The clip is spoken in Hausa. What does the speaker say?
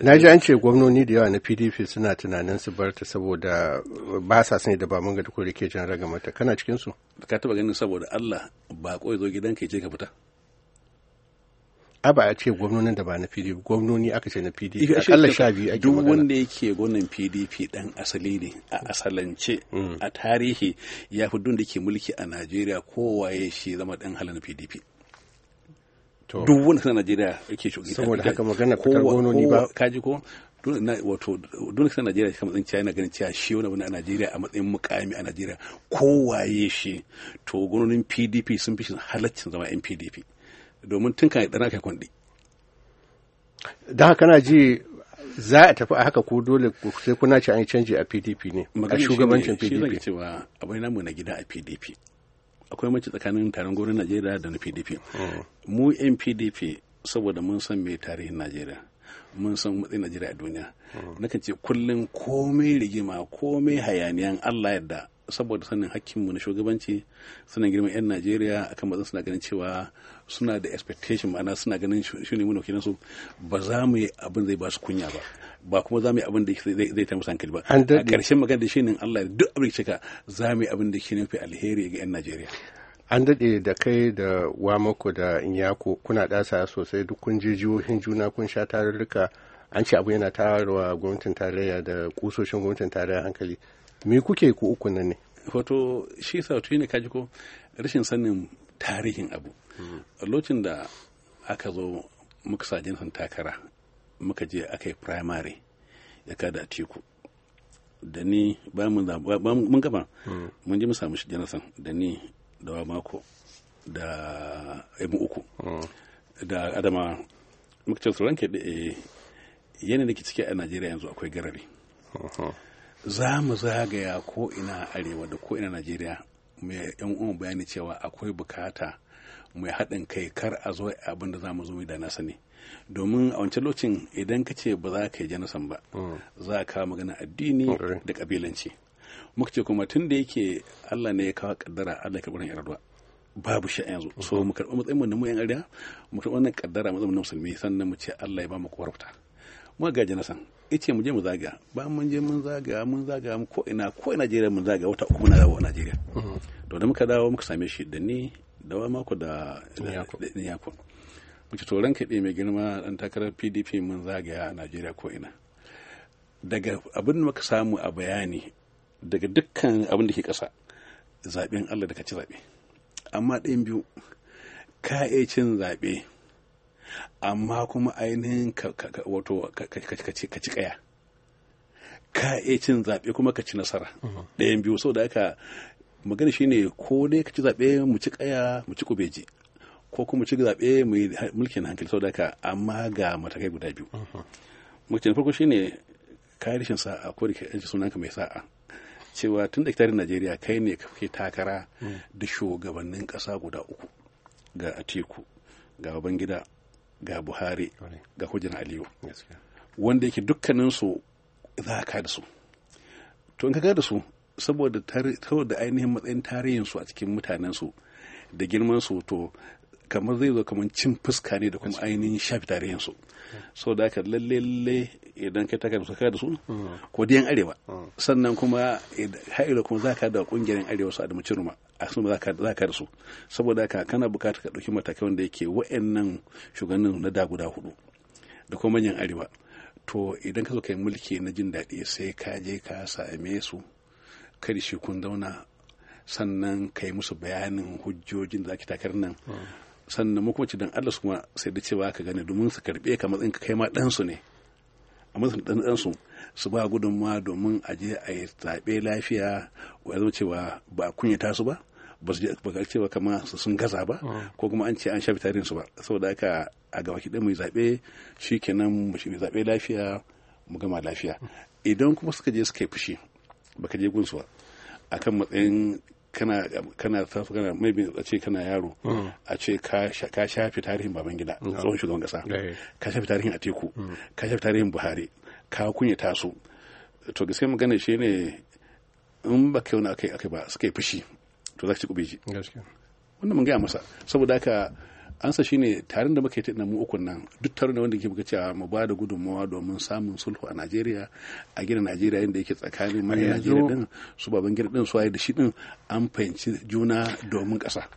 na ji an ce gwamnoni da yawa na pdp suna tunanin su barta saboda ba sa sani da ba mun ga duk da ke jan raga mata kana cikin su ka taba ganin saboda allah ba ko zo gidan ka je ka fita a ba a ce gwamnonin da ba na pdp gwamnoni aka ce na pdp allah sha biyu ake duk wanda yake gwamnan pdp dan asali ne a asalance mm. a tarihi ya fi duk da ke mulki a najeriya kowaye shi zama dan halin pdp duk wani sana najeriya yake shugaba. saboda haka magana fitar ni ba kaji ko wato dole sai Najeriya shi matsayin China ganin cewa shi wani abu a Najeriya a matsayin mukami a Najeriya kowaye shi to gwamnonin PDP sun fi shin halaccin zama 'yan PDP domin tun kan dana kai kwandi. Don haka na ji za a tafi a haka ko dole sai kuna ci an yi canji a PDP ne a shugabancin PDP. Shi zan cewa abai namu na gida a PDP. akwai mace tsakanin taron gwamnatin najeriya da na pdp hmm. mu yan pdp saboda mun san mai tarihin najeriya mun san matsayin najeriya a duniya hmm. nakan ce kullum komai rigima komai hayaniyan allah yadda saboda sanin hakkinmu na shugabanci suna girma 'yan najeriya akan matsayin suna ganin cewa suna da expectation ma'ana suna ganin shi ne muna su ba za mu yi abin zai ba su kunya ba ba kuma za mu yi abin da zai ta hankali ba a ƙarshen magana da shi ne allah duk abin cika za mu yi abin da shi ne fi alheri ga 'yan najeriya an daɗe da kai da wamako da inyako kuna ɗasa sosai duk kun je jihohin juna kun sha tarurruka an ce abu yana tarawa gwamnatin tarayya da kusoshin gwamnatin tarayya hankali me kuke ku uku nan ne wato shi sautu ne kaji ko rashin sanin tarihin abu hmm. lokacin da aka zo muka sa jinsin takara muka je aka yi primary ya kada a teku da ni ba mun gaba hmm. mun ji mu samu shi jinsin da ni da wa mako da mu uku hmm. da adama muka ce ranke da eh, yana da ke ciki a najeriya yanzu akwai garari za mu zagaya ko ina arewa da ko ina najeriya mai yan uwan bayani cewa akwai bukata mai haɗin kai kar a zo abin da za mu zo da na sani domin a wancan lokacin idan ka ce ba za ka yi janasan ba hmm. za ka magana addini da ƙabilanci muka ce kuma tun da yake allah ne ya kawo kaddara allah ya karɓi yarda babu shi yanzu hmm. so mu karɓi matsayin mu na mu yan arewa mu karɓi wannan kaddara matsayin na musulmi sannan mu ce allah ya ba mu kwarfuta mu gaji na san ice mu je mu zaga ba mun je mun zaga mun zaga ko ina ko ina Najeriya mun zaga wata uku muna dawo a Najeriya mm-hmm. to da muka dawo muka same shi da ni da wa mako da Yakub muke to ranka ɗaya mai girma dan takarar PDP mun zagaya a Najeriya ko ina daga abin da muka samu a bayani daga dukkan abin da ke kasa zaɓen Allah da ka ci zaɓe amma ɗayan biyu ka iya cin zaɓe amma kuma ainihin wato ka ci kaya ka iya cin zaɓe kuma ka ci nasara mhm. ɗayan biyu sau da aka magana shine ko dai ka ci zaɓe mu ci kaya mu ci kubeji ko kuma ci zaɓe mu yi mulkin hankali sau da aka amma ga matakai guda biyu mutum farko shine kayan rashin sa'a ko da ke sunanka mai sa'a cewa tun da kitarin najeriya kai ne kake takara mm. da shugabannin ƙasa guda uku ga atiku ga babangida ga buhari ga hujjan aliyu wanda yake dukkaninsu za ka da su to in ka da su saboda ainihin matsayin tarihinsu a cikin mutanensu da girman su to kamar zai zo kamar cin fuska ne da kuma ainihin shafi tarihin su hmm. so da haka lalle lalle idan kai ta kanta da su hmm. ko diyan arewa hmm. sannan kuma haira kuma ka da kungiyar arewa su adamu ciruma a sun za ka da su saboda ka kana bukatar ka dauki matakai wanda yake wa'annan shugabannin na da guda hudu da kuma manyan arewa to idan ka zo kai mulki na jin daɗi sai ka je ka same su kar shi kun zauna sannan kai musu bayanin hujjojin da ake takar nan sannan makwabci dan Allah su kuma sai da cewa ka gane domin su karbe ka matsayin ka kai ma su ne a matsayin dan dan su ba gudunmawa domin a je a yi zaɓe lafiya wa zama cewa ba kunyata su ba ba su ba ga cewa kama su sun gaza ba mm. ko kuma an ce an shafi tarihin su ba saboda haka a gaba kiɗan mu zaɓe shikenan mu shi zaɓe lafiya mu gama lafiya idan kuma suka je suka yi fushi baka je gunsu a akan matsayin kana kana tafi kana mai a ce kana yaro hmm. a ce ka shafe tarihin babangida hmm. tsohon shugaban kasa eh. ka shafe tarihin atiku hmm. ka shafe tarihin buhari ka kunya taso to gaskiya magana shi ne in ba kai wani akai akai ba suka yi fushi to za ka ci kubeji wannan mun gaya masa saboda haka ansa shine tarin da muka yi tunan mu ukun nan duk taron da wanda ke muka cewa mu ba da gudunmawa domin samun sulhu a Najeriya a gina Najeriya inda yake tsakanin manyan Najeriya din su baban gida din su waye da shi din an fahimci juna domin ƙasa